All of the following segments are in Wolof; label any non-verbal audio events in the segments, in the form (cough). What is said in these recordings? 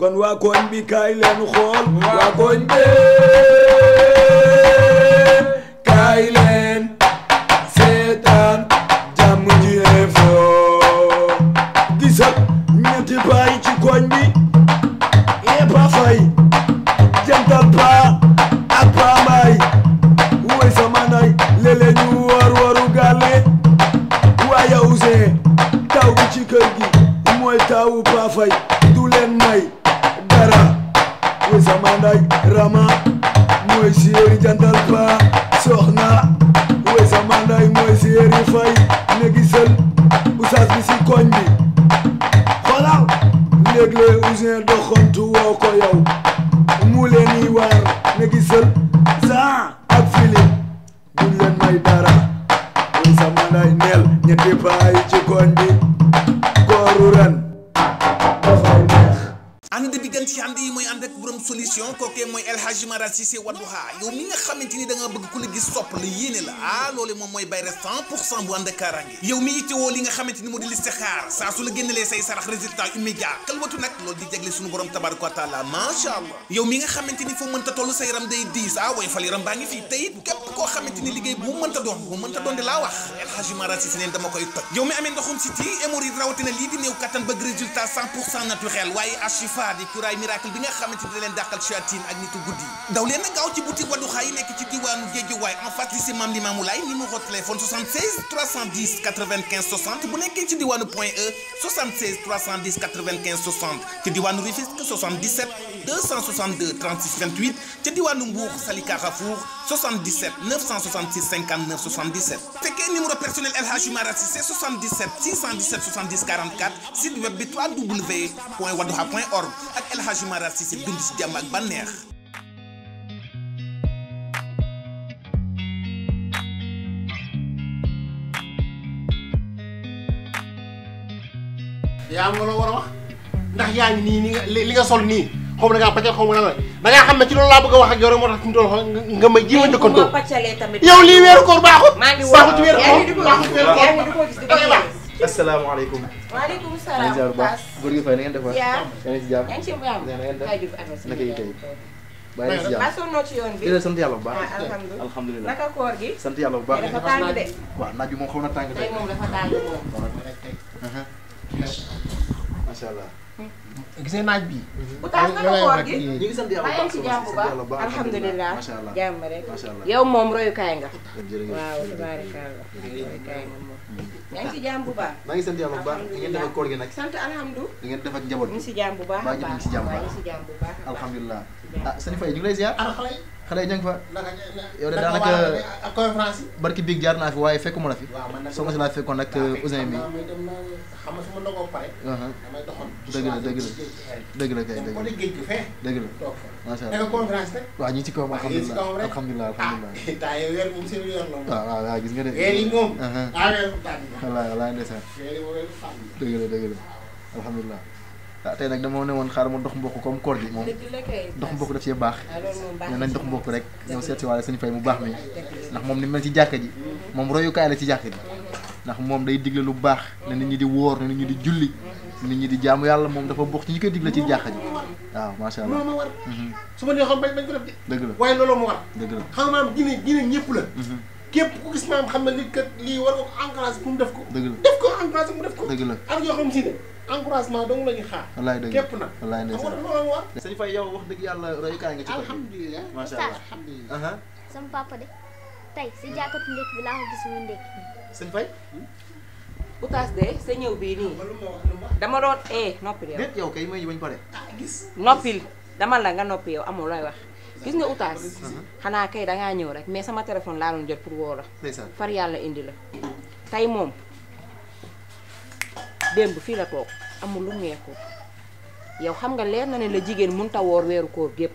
kon waa koñ bi kaay leen xool waa koñ bi kaay leen seetaan jàmm ji info gisal ñetti baay ci koñ bi yéepa fay jantal paa ak paa mbaay way sama nay léeg-léeg war waru gàlle waaye use taw bi ci kër gi mooy tawu paa fay du leen may dara mooy sama nday rama mooy séeri jantal ba soxna mooy sama nday mooy séeri fay ne gisal oustaz bi si koñ bi xoolal léeg-léeg Ouzin doxantu woo ko yow mu leen yi waar ne gisal saa ak fili duñ leen may dara mooy sama nday neel ñetti paay ci koñ bi kooru ren nag borom solution kookee mooy El Hadji Mara Cissé mi nga xamante ni da bëgg ku la sopp la yéene la ah loolu moom mooy bayre bu ànd ak mi nga xamante ni wa taala macha foo mënta toll sa yaram day diis ah way fal yaram baa ngi fii tey képp koo xamante ni liggéey bu mënta doon bu mënta doon di laa wax El Hadji neen dama koy toj yow mi amee ndoxum si ti hémorroïde rawatina lii di néew kattan bëgg résultat naturel waaye ashifa di curaay miracle ci dina leen dàqal shayatin ak nitu guddi yi daw leen a gaaw ci boutique Wadduha yi nekk ci diwaanu Géejawaay en face lycée Mame Limamou Laye numéro téléphone 76 310 95 bu nekkee ci diwaanu Point E ci diwaanu Rufisque ci diwaanu Mbour Sali Carrefour 77 966 59 77 fekkee numéro personnel El Hadj Mara web bi www.wadduha.org ak El Hadj Mara dund ci jàmm ak bànneex yaa ngi la war a wax ndax yaa ngi nii nii li nga sol nii xaw ma da ngaa pàccal xaw ma la da ngaa xam ne ci yow lii weeru koor baaxut. maa ngi baaxut weeru baaxut asalaamaaleykum. waaleykum salaam bu baax góor gi fay na ngeen def waay. yaa ngi ci jàmm yaa ngi ci jàmm. nee na ngeen def naka yi tey. bàyyi ci jàmm sonno ci yoon bi. di leen sant yàlla bu baax. Ah, alhamdulilah naka koor gi. sant yàlla bu baax dafa tàng de. waaw naaj bi moom xaw na tàng tey. tey moom dafa tàng moom. Uh-huh. macha allah. gisee naaj bi. Mm-hmm. oustaz naka koor gi ñu ngi sant yàlla bu baax alhamdulilah jàmm rek yow moom royukaay nga. waaw tabaarkalla royukaay nga moom. yaa mm-hmm. ngi si jàmm bu baax. maa ngi sant yàlla bu baax da ngeen def ak koor gi nag. sant alhamdulilah da ngeen def ak njaboot. ñu ngi si jàmm bu baax a baax waa ñu ngi si jàmm bu baax alhamdulilah. ah sëñ Faye ñu ngi lay ziar. xale yi ñu ngi fa. yow de daanaka conférence barki biig jaar naa fi waaye fekkuma la fi. waaw man nag soo ko si laa fekkoon ak Ousin bi. xam nga su ma ndogoog pare. damay doxoon. dëgg la dëgg la dëgg la kay dëgg la géej gi fee. dëgg la macha allah conférence rek. waaw ñu ci kaw alhamdulilah alhamdulilah alhamdulilah. (laughs) taa yow weer moom seen yoon la moom. waaw waaw waaw gis nga de. weer yi moom. ah weer mu tànn. wallaahi wallaahi ndeysaan. dëgg la dëgg la alhamdulilah ah tey nag dama ne woon xaaral ma dox mbokk comme koor gi moom dox mbokk daf see baax ñun ah, nañ dox mbokk rek ñëw seet si waale suñu fay mu baax mi ndax moom ni mel ci jàkka ji moom royukaay la ci jàkka ji ndax moom day digle lu baax ne nit ñi di woor ne nit ñi di julli nit ñi di jaamu yàlla moom dafa bokk ci ñi koy digle ci jàkka ji waaw macha allah. ma war mhm. su ma neexoon bañ bañ ko def de. dëgg la waaye looloo ma xam nga maanaam diine ñëpp la. Mhm. képp ku gis maam xam ne li kat li war nga ko encouragé mu def ko. dëgg la def ko encouragé mu def ko. dëgg la ak yoo xam si ne encouragement dong la ñuy xaar. wallaay dëgg képp wax dëgg yàlla royukaay nga ci kër gi. alhamdulilah macha allah alhamdulilah. sama de si jàkkatu ndékki bi laa ko gis muy ndékki. sëñ hmm? sa ñëw bii nii dama doon eh noppil yow. déet yow kay may ñu bañ pare. ah gis noppil dama la nga noppi yow amul looy wax gis nga oustaz xanaa kay dangaa ñëw rek mais sama téléphone laa doon jot pour woo la far yàlla indi la tey moom démb fii la toog amul lu neexul yow xam nga leer na ne la jigéen mun a woor weeru koor gépp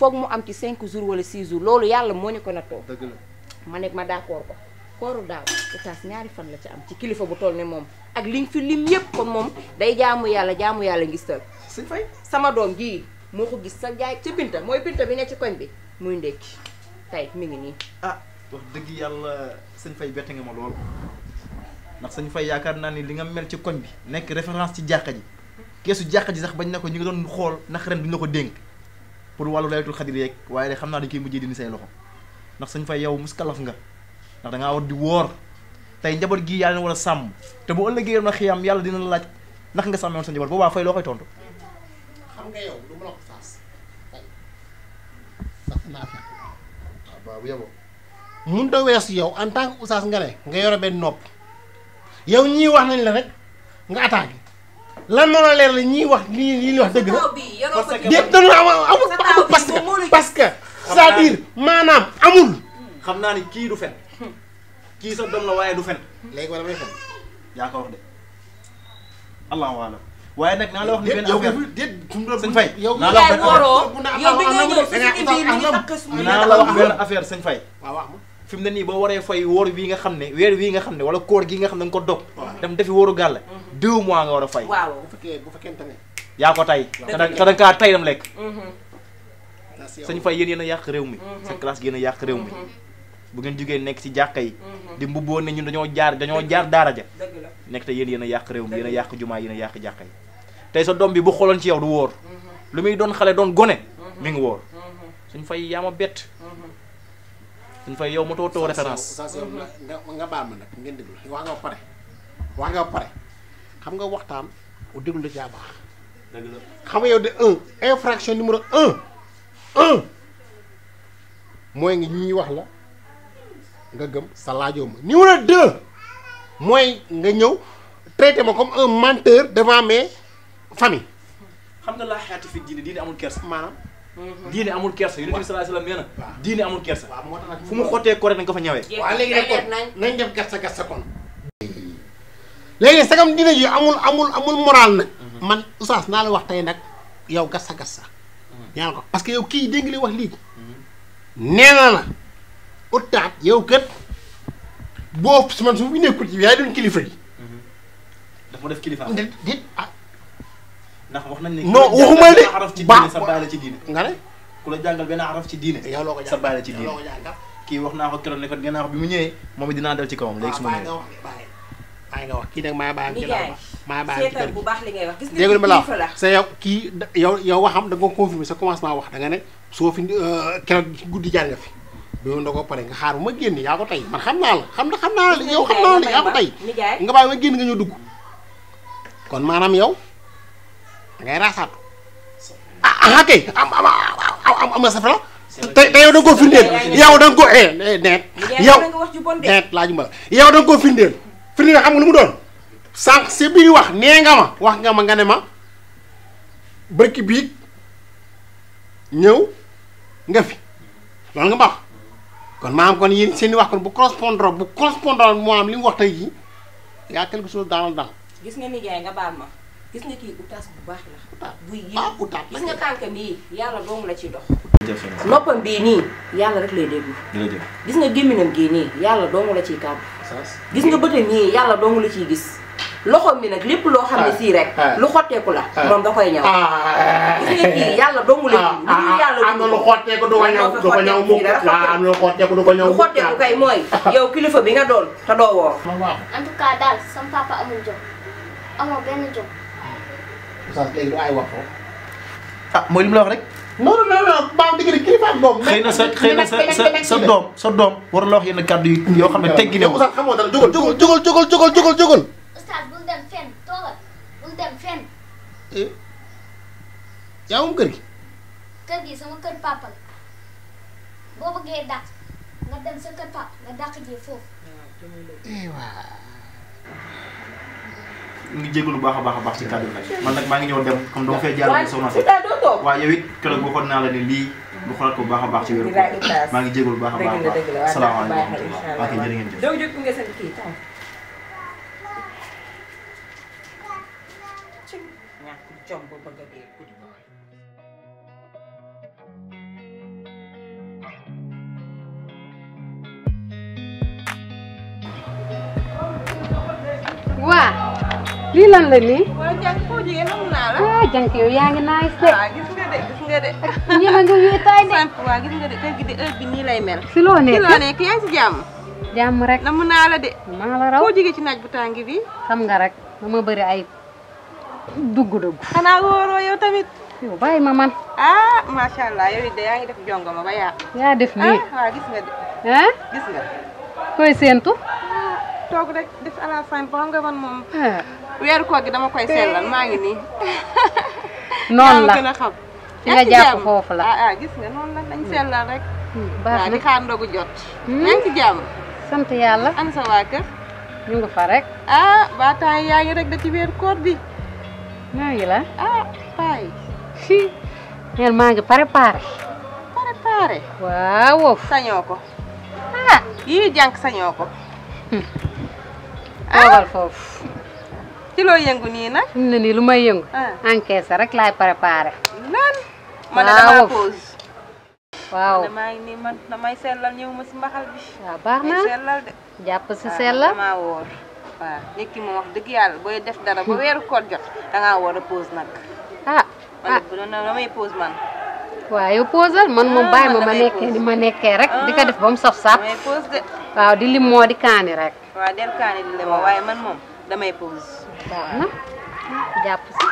foog mu am ci 5 jours wala 6 jours loolu yàlla moo ñu ko nattoo ma nekk ma d'accord ko kooru daaw oustaz ñaari fan la ci am ci kilifa bu toll ne moom ak liñ fi lim yépp kon moom day jaamu yàlla jaamu yàlla ngistal si sama doom jii moo ko gis sa jaay ca Binta mooy Binta bi ne ci koñ bi muy ndékki tey mi ngi nii. ah wax dëgg yàlla sëñ Faye bette nga ma lool ndax sëñ fay yaakaar naa ni li nga mel ci koñ bi nekk référence ci jàkka ji keesu jàkka ji bañ na ñu ngi doon xool ndax ren duñ la ko dénk pour wàllu laylatul xadir yeeg waaye xam naa dañ koy mujjee dindi say loxo ndax sëñ Faye yow muskalaf nga ndax da ngaa war di woor tey njaboot gii yaa leen war a sàmm te bu ëllëgee yoon na xiyam yàlla dina laaj ndax nga sàmmewoon sa njaboot boobaa Faye loo koy tontu. xam nga yow lu mu la ko saas tey sax naa fekk waaw baabu yow mun ta weesu yow en tant que oustaz nga ne nga yore benn nopp yow ñii wax nañ la rek nga attaqué lan moo la leer la ñii wax lii lii wax dëgg la parce que déet dañu amul amul parce que parce que c'est-à-dire maanaam amul. xam naa ni kii du fen kii sa doom la waaye du fen léegi wala may fen yaa ko wax de allahu alam waaye nag naa la wax ni benn affaire sëñ Faye naa la wax naa la wax benn affaire sëñ Faye fi mu ne nii boo waree fay wóor bii nga xam ne weer wii nga xam ne wala koor gi nga xam ne nga ko dog dem defi wóoru gàll mhm. deux mois nga war a fay waaw bu bu fekkee ne yaa ko tay te danga kaa tay dam lekk mhm. sëñ Faye yéen yéen a yàq réew mi mhm. sa classe yéen a yàq réew mi bu ngeen jógee nekk ci jàkka yi mhm. di mbubboo ne ñu dañoo jaar dañoo jaar daara ja nekk te yéen yéen a yàq réew mi yéen yàq jumaa yéen a yàq jàkka yi tey sa doom bi bu xooloon ci yow du wóor mhm. lu muy doon xale doon gone mhm. mi ngi wóor suñ fay yaa ma bett suñ fay yow ma too too référence nga nga baal ma nag ngeen déglu wax nga pare wax nga pare xam nga waxtaan u déglu baax xam nga yow de un infraction ngi ñuy wax la nga gëm sa laajoo ma numéro deux mooy nga ñëw traité ma comme un menteur devant mes famille xam na laa xeeti fi diine diine amul kersa maanaam mm-hmm. diine amul kersa yonent bi sallallahu alayhi wasallam nee na diine amul kersa fu mu xottee koré na ko fa ñawee waaw léegi nag kon nañ def kersa kersa kon léegi sagam diine ji amul amul amul moral nag mm-hmm. man oustaz naa la wax tey nag yow kersa kersa ñaan ko parce yow kii dégg wax lii mm-hmm. nee na ostaat yow kat boo su man su fi nekkul yaay doon kilifa yi. Mhm. dafa def kilifa am dit ah. ndax wax nañ ne. non waxuma de ba sa baay la ci diine. nga ne ku la jàngal benn araf ci diine. yow loo sa baay la ci diine. kii wax naa ko keroog ne ko nee bi mu ñëwee moom it dinaa dal ci kawam léegi su ma nga wax kii nag maa baayam ci laa maa yow kii yow yow waxam da nga confirmer sa commencement wax da nga ne soo fi euh, keroog guddi jaar nga fi doo na ko pare nga xaar ma génn yaa tey man xam naa xam na xam naa la yow xam naa la yaa ko nga bàyyi ma génn nga dugg kon maanaam yow ngay raasaatu ah ah kay yow da nga koo firndeel ma yow da nga koo lu mu doon sànq si wax nee nga ma wax nga ma nga ne ma bërki biig ñëw nga fi loolu nga ma kon maanaam kon yi seen i wax kon bu correspondre bu correspondre moo am li mu wax tey jii y' a quelque chose gis nga nijaay nga baal ma gis nga kii utaas bu baax la. utaas buy yéen ah, gis nga tànk bii yàlla doomu la ci dox. noppam bii nii yàlla rek lay déglu. gis nga gémminam gii nii yàlla doomu la ci kàddu. gis nga bëtam nii yàlla doomu la ciy gis. loxoom mi nag lépp loo xam ne ah, sii rek. Ah. lu xotteeku la. Ah. moom da koy ñaw. yàlla dong la. ah ah am na lu xotteeku du ko ñaw am na lu xotteeku ko ñaw mukk. kay mooy (laughs) yow kilifa bi nga doon te doo woor. en tout ah mooy li la wax rek. non non non xëy na sa xëy na sa sa doom sa doom war la wax yenn kàddu yi yoo xam ne teggi ne. oustaz xamoo dara jógal jógal jógal jógal eh yaa moom kër gi. kër gi sama kër papa la boo bëggee dàq nga dem sa kër papa nga dàq ji foofu. ngi jégalu baax a baax a baax ci kàddu nag man nag maa ngi ñëw dem comme dama fay jaarale soxna si waaw yow it keroog waxoon naa la ne lii bu xoolaat ko baax a baax ci wéru maa ngi jégalu baax a baax a baax salaamaaleykum wa rahmatulah waa kay jërë ngeen jëf lii lan la nii. waaw jàng foo jigéen amul naa la. ah jàng yow yaa ngi nice de. gis nga de gis nga de. ñeme nga wéetaay de. sant gi de heure bi nii lay mel. si loo nekk si yaa ngi si jàmm. jàmm rek na mu naa la de. maa la raw foo jigéen ci naaj bu tàngi bi. xam nga rek dama bëri ay dugg-dugg. xanaa wóoroo yow tamit. yow bàyyi ma man. ah macha allah yow it de yaa ngi def jongoma ba yaa. yaa def nii ah gis nga de. ah gis nga. koy ah, toog rek def à la fin ba man moom. Ah. weer koor gi dama koy sellal maa ngi nii. (laughs) noonu la gën a xam. fi nga jàpp foofu la ah, ah gis nga noonu la dañ sellal rek. Hmm, baax na di sant yàlla. ana sa rek. ah baataay yaa ngi rek ci weeru koor bi. maa ngi la. ah paay. fii. maa ngi préparé. préparé. waaw. sañoo ko. ah yii jànk sañoo ko. Hmm. toogal foofu. kilo yëngu nii nag. fi ne nii lu may yëngu. Ah. encaisse rek laay préparé. lan man waaw maa ngi nii man damay sellal ñëw ma si mbaxal bi. jàpp si ah, sellal waaw damaa woor. waaw nit ki moom wax dëgg yàlla booy def dara ba weeru koor jot da ngaa nag. (laughs) ah ah man de ah, damay ma ma nekkee rek di ko def ba mu saf saf. waaw di lim moo di kaani rek. waaw waaye man moom damay pause. baax na jàpp si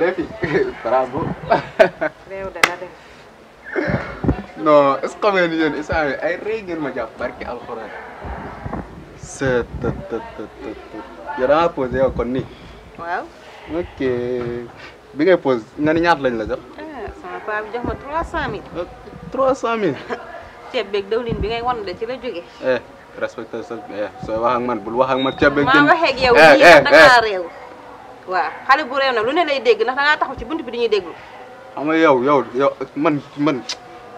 léegi bravo réew dana def non est ay rëy ma jàpp barki alxuraan c'est yow da nga posé yow kon waaw ok bi ngay posé nga ni ñaata lañ la jox ah sama paa jox ma trois cent mille trois ceeb beeg dawlin bi ngay wan de ci la jóge eh respecté sa eh, sooy wax man bul wax ak man ceeb beeg. maa waxee ak yow eh, nii ndax eh, da ngaa réew. waaw xale bu réew nag lu ne lay dégg na da ngaa ci bunt bi dañuy déglu. xam nga yow yow yow man man.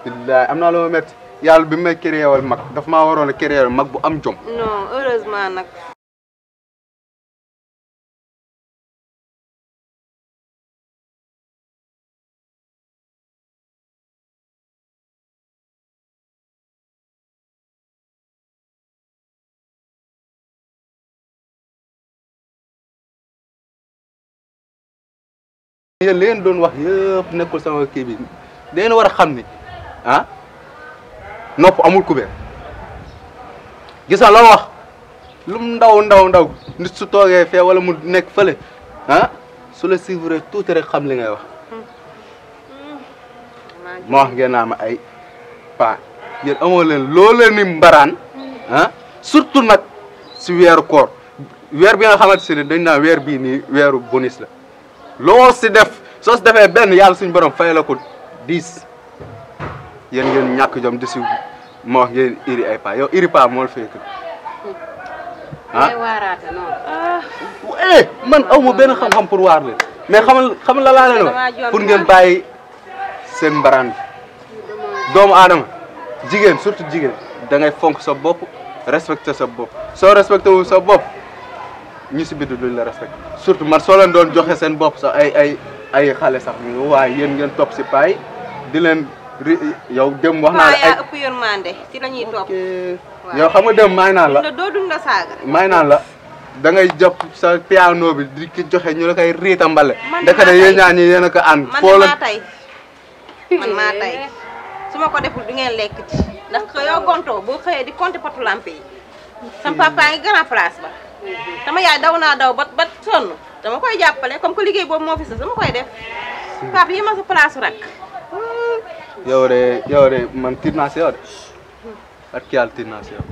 billaay am naa lu ma métti yàlla bi may créé wal mag daf ma waroon a créé wal mag bu am jom. non heureusement nag. yéen leen doon wax yëpp nekkul sama kii bi dangeen war a xam ni ah nopp amul kubéer gis nga la wax lum ndaw ndaw ndaw nit su toogee fee wala mu nekk fële ah su la suivre tuuti rek xam li ngay wax ma wax ngeen naa ma ay paa yéen amoo leen loo ni mbaraan ah surtout nag si weeru koor weer bi nga xamante si ne dañ naa weer bii nii weeru bonus la loo si def soo si defee benn yàlla suñu borom fay la ko dix yéen ngeen ñàkk jom di si ma wax ngeen iri ay pa yow iri pa moo la fekk ah. ah. eh, man aw benn xam-xam pour waar leen mais xamal xamal la laa pour ngeen bàyyi seen mbaraan bi doomu aadama jigéen surtout jigéen da ngay fonk sa bopp respecté sa bopp soo respecté wu sa bopp ñu si bidd duñ la respecté surtout man soo leen doon joxe seen bopp sax ay ay ay xale sax ñu waaye yéen topp si paay di leen yow dem wax naa la ay ëpp yërmande ci la ñuy topp ngay jàpp sa bi di joxe ñu la koy riita mbale ndeka ne yéen ñaa ñi yéen a ko ànd la man maa tey ko deful du ngeen lekk ci ndax yow gontoo boo xëyee di compter potu lampe yi sama ngi grand place ba sama yaay daw naa daw ba ba sonn dama koy jàppale comme que liggéey boobu moo fi sax dama koy def. pap yi ma sa place rek. yow de yow de man tiit naa si yow de ak kii yàlla tiit naa yow.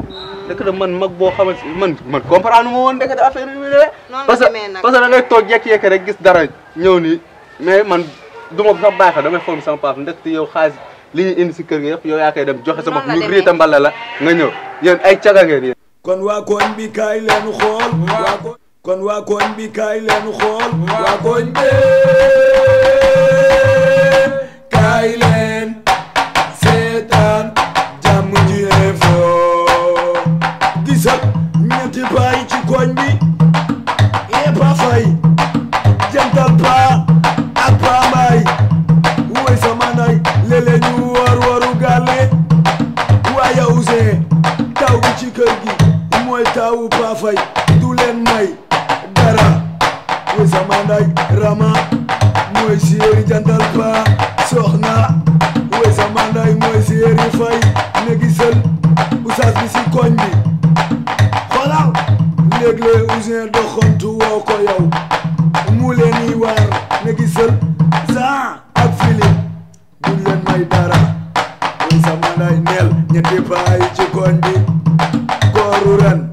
dëkk la man mag boo xamante man man comprendre ma woon dëkk de affaire yu demee. parce que parce que da ngay toog jékki-jékki rek gis dara ñëw nii mais man du ma sax baax damay xool sama pap ndekk yow xaalis li ñu indi si kër gi yëpp yow yaa koy dem joxe sama. noonu la demee ñu la nga ñëw yéen ay caga kon waa koñ bi kaay leen xool. waa kon waa koñ bi kaay leen xool. waa mooy sama rama mooy séeri jantal ba soxna we sama nday mooy séeri fay ne gisal usaas bi si koñ bi xoolal léeg-léeg usin doxantu woo ko mu leen yi waar ne gisal saa ak fili duñ leen may dara we sama nday neel ñetti paa yi ci koñ bi